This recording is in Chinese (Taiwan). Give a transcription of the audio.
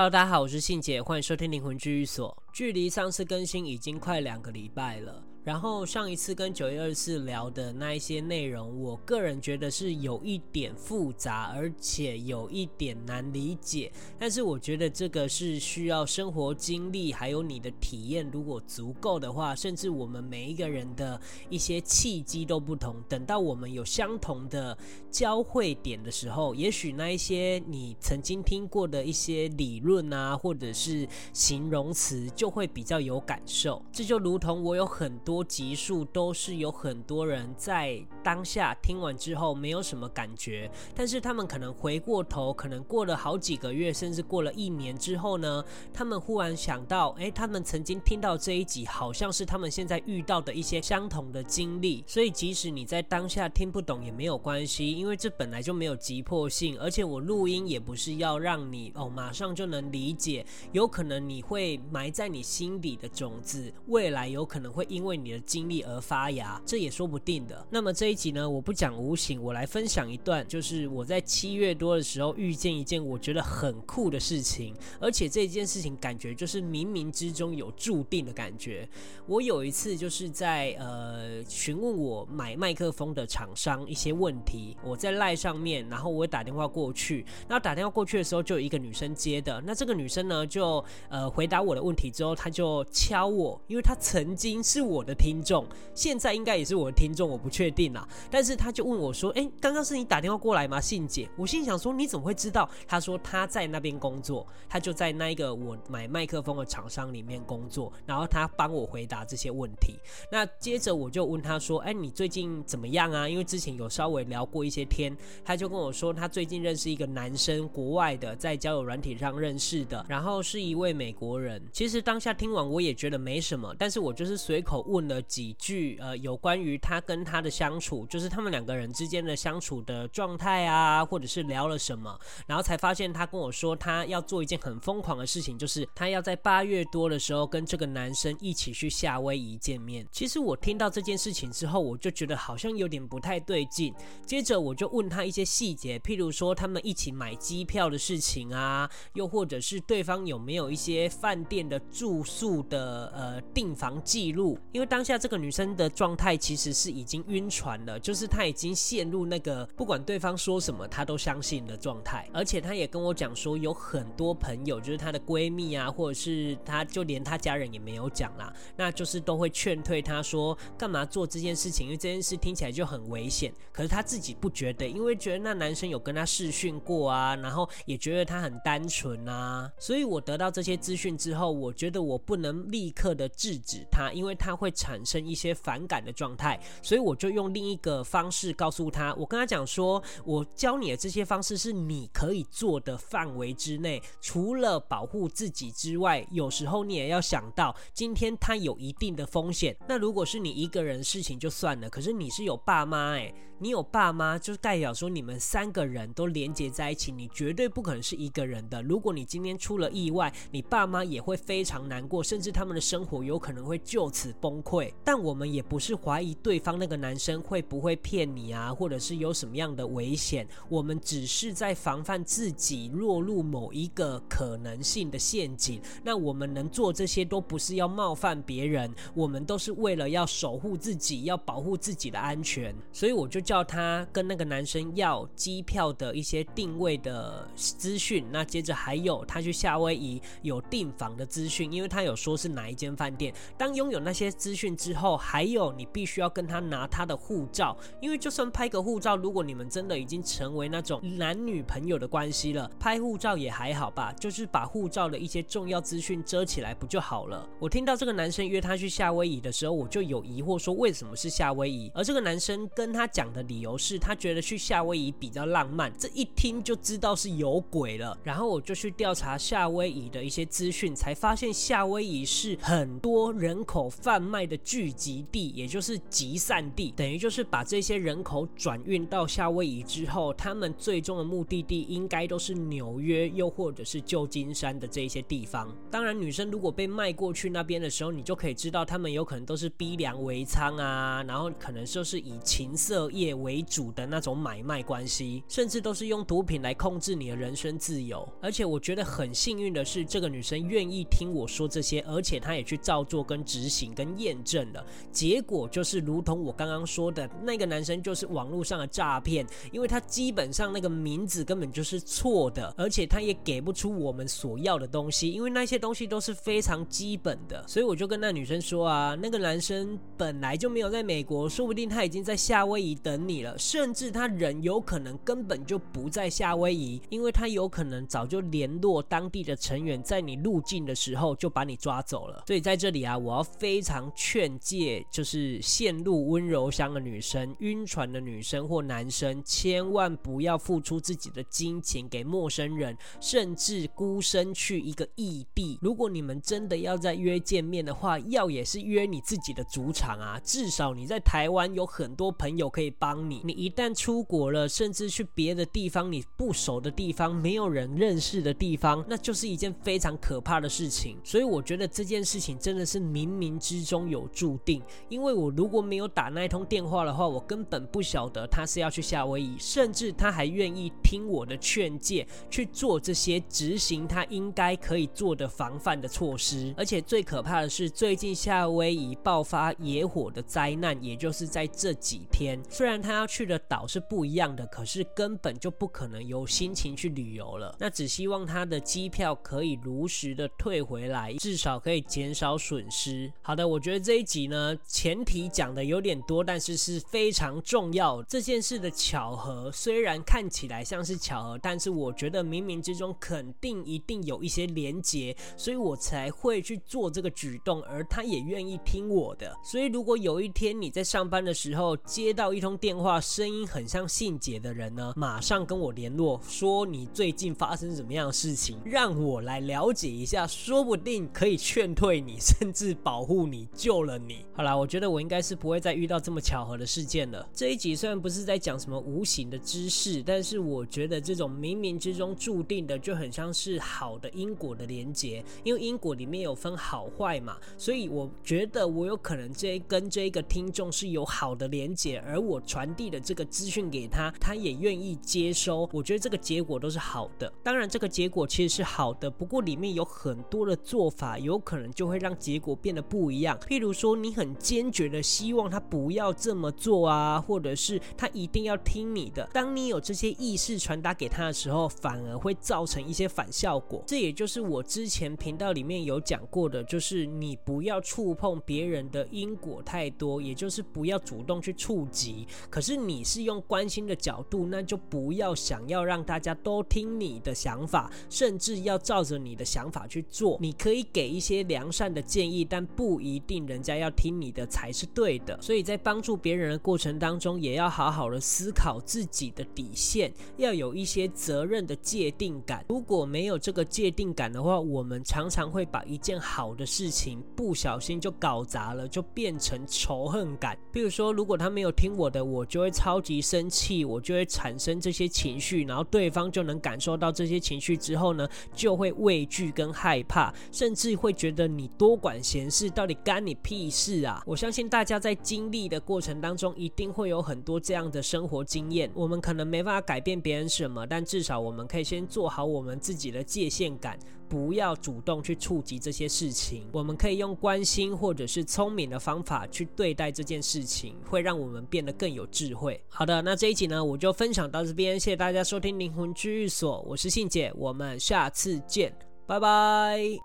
哈嘍大家好，我是信姐，歡迎收聽《靈魂治癒所》。距離上次更新已經快兩個禮拜了。然後上一次跟九月二十四聊的那一些內容，我個人覺得是有一點複雜，而且有一點難理解。但是我覺得這個是需要生活經歷，還有你的體驗，如果足夠的話，甚至我們每一個人的一些契機都不同。等到我們有相同的交匯點的時候，也許那一些你曾經聽過的一些理論啊，或者是形容詞，就會比較有感受。這就如同我有很多，多集數都是有很多人在當下聽完之後沒有什麼感覺，但是他們可能回過頭，可能過了好幾個月，甚至過了一年之後呢，他們忽然想到，哎、欸，他們曾經聽到這一集，好像是他們現在遇到的一些相同的經歷。所以即使你在當下聽不懂也沒有關係，因為這本來就沒有急迫性，而且我錄音也不是要讓你哦馬上就能理解，有可能你會埋在你心底的種子，未來有可能會因為。你的經歷而發芽，這也說不定的。那麼這一集呢，我不講無形，我來分享一段，就是我在七月多的時候遇見一件我覺得很酷的事情，而且這件事情感覺就是冥冥之中有注定的感覺。我有一次就是在呃詢問我買麥克風的廠商一些問題，我在賴上面，然後我打電話過去，那打電話過去的時候就有一個女生接的，那這個女生呢就呃回答我的問題之後，她就敲我，因為她曾經是我的。聽眾，現在應該也是我的聽眾，我不確定啦。但是他就問我說：“欸，剛剛是你打電話過來嗎，信姐？”我心想說：“你怎麼會知道？”他說他在那邊工作，他就在那一個我買麥克風的廠商裡面工作，然後他幫我回答這些問題。那接着我就問他說：“欸，你最近怎麼樣啊？”因為之前有稍微聊過一些天，他就跟我說他最近認識一個男生，國外的，在交友軟體上認識的，然後是一位美國人。其實當下聽完我也覺得沒什麼，但是我就是隨口問。問了幾句，呃，有關於他跟他的相處，就是他們兩個人之間的相處的狀態啊，或者是聊了什麼，然後才發現他跟我說他要做一件很瘋狂的事情，就是他要在八月多的時候跟這個男生一起去夏威夷見面。其實我聽到這件事情之後，我就覺得好像有點不太對勁。接着我就問他一些細節，譬如說他們一起買機票的事情啊，又或者是對方有沒有一些飯店的住宿的呃訂房記錄，因為。當下這個女生的狀態其實是已經暈船了，就是她已經陷入那個不管對方說什麼她都相信的狀態，而且她也跟我講說有很多朋友，就是她的閨蜜啊，或者是她就連她家人也沒有講啦，那就是都會勸退她，說幹嘛做這件事情，因為這件事聽起來就很危險，可是她自己不覺得，因為覺得那男生有跟她視訊過啊，然後也覺得她很單純啊，所以我得到這些資訊之後，我覺得我不能立刻的制止她，因為她會。產生一些反感的狀態，所以我就用另一個方式告訴他。我跟他講說，我教你的這些方式是你可以做的範圍之內。除了保護自己之外，有時候你也要想到，今天他有一定的風險。那如果是你一個人的事情就算了，可是你是有爸媽哎，你有爸媽，就代表說你們三個人都連接在一起，你絕對不可能是一個人的。如果你今天出了意外，你爸媽也會非常難過，甚至他們的生活有可能會就此崩潰。會，但我們也不是懷疑對方那個男生會不會騙你啊，或者是有什麼樣的危險，我們只是在防範自己落入某一個可能性的陷阱。那我們能做這些都不是要冒犯別人，我們都是為了要守護自己，要保護自己的安全。所以我就叫他跟那個男生要機票的一些訂位的資訊，那接着還有他去夏威夷有訂房的資訊，因為他有說是哪一間飯店，當擁有那些資訊。資訊之後，還有你必須要跟他拿他的護照，因為就算拍個護照，如果你們真的已經成為那種男女朋友的關係了，拍護照也還好吧，就是把護照的一些重要資訊遮起來不就好了？我聽到這個男生約他去夏威夷的時候，我就有疑惑，說為什麼是夏威夷？而這個男生跟他講的理由是他覺得去夏威夷比較浪漫，這一聽就知道是有鬼了。然後我就去調查夏威夷的一些資訊，才發現夏威夷是很多人口販賣的的聚集地，也就是集散地，等於就是把這些人口轉運到夏威夷之後，他們最終的目的地應該都是紐約，又或者是舊金山的這些地方。當然，女生如果被賣過去那邊的時候，你就可以知道他們有可能都是逼良為娼啊，然後可能就是以情色業為主的那種買賣關係，甚至都是用毒品來控制你的人身自由。而且我覺得很幸運的是，這個女生願意聽我說這些，而且她也去照做跟執行跟驗。驗證了，結果就是如同我剛剛說的那個男生就是網絡上的詐騙，因為他基本上那個名字根本就是錯的，而且他也給不出我們所要的東西，因為那些東西都是非常基本的。所以我就跟那女生說啊，那個男生本來就沒有在美國，說不定他已經在夏威夷等你了，甚至他人有可能根本就不在夏威夷，因為他有可能早就聯絡當地的成員，在你入境的時候就把你抓走了。所以在這裡啊，我要非常。勸誡，就是陷入溫柔鄉的女生，暈船的女生或男生，千萬不要付出自己的金錢給陌生人，甚至孤身去一個異地。如果你們真的要再約見面的話，要也是約你自己的主場啊，至少你在台灣有很多朋友可以幫你。你一旦出國了，甚至去別的地方，你不熟的地方，沒有人認識的地方，那就是一件非常可怕的事情。所以我覺得這件事情真的是冥冥之中有注定，因為我如果沒有打那一通電話的話，我根本不曉得他是要去夏威夷，甚至他還願意聽我的勸誡去做這些執行他應該可以做的防範的措施。而且最可怕的是，最近夏威夷爆發野火的災難，也就是在這幾天。雖然他要去的島是不一樣的，可是根本就不可能有心情去旅遊了。那只希望他的機票可以如實的退回來，至少可以減少損失。好的，我覺得。這一集呢，前提講的有點多，但是是非常重要。這件事的巧合雖然看起來像是巧合，但是我覺得冥冥之中肯定一定有一些連結，所以我才會去做這個舉動，而他也願意聽我的。所以，如果有一天你在上班的時候接到一通電話，聲音很像信姐的人呢，馬上跟我聯絡，說你最近發生什麼樣的事情，讓我來了解一下，說不定可以勸退你，甚至保護你。就救了你。好啦，我覺得我應該是不會再遇到這麼巧合的事件了。這一集雖然不是在講什麼無形的知識，但是我覺得這種冥冥之中注定的就很像是好的因果的連結。因為因果裡面有分好壞嘛，所以我覺得我有可能這跟這一個聽眾是有好的連結，而我傳遞的這個資訊給他，他也願意接收。我覺得這個結果都是好的。當然，這個結果其實是好的，不過裡面有很多的做法，有可能就會讓結果變得不一樣。比如說，你很堅決的希望他不要這麼做啊，或者是他一定要聽你的。當你有這些意識傳達給他的時候，反而會造成一些反效果。這也就是我之前頻道裡面有講過的，就是你不要觸碰別人的因果太多，也就是不要主動去觸及。可是你是用關心的角度，那就不要想要讓大家都聽你的想法，甚至要照着你的想法去做。你可以給一些良善的建議，但不一定。人家要聽你的才是對的，所以在幫助別人的過程當中，也要好好的思考自己的底線，要有一些責任的界定感。如果沒有這個界定感的話，我們常常會把一件好的事情不小心就搞砸了，就變成仇恨感。比如說，如果他沒有聽我的，我就會超級生氣，我就會產生這些情緒，然後對方就能感受到這些情緒之後呢，就會畏懼跟害怕，甚至會覺得你多管閒事，到底干你。你屁事啊！我相信大家在經歷的過程當中，一定會有很多這樣的生活經驗。我們可能沒辦法改變別人什麼，但至少我們可以先做好我們自己的界限感，不要主動去觸及這些事情。我們可以用關心或者是聰明的方法去對待這件事情，會讓我們變得更有智慧。好的，那這一集呢，我就分享到這邊，謝謝大家收聽《靈魂治癒所》，我是信姐，我們下次見，拜拜。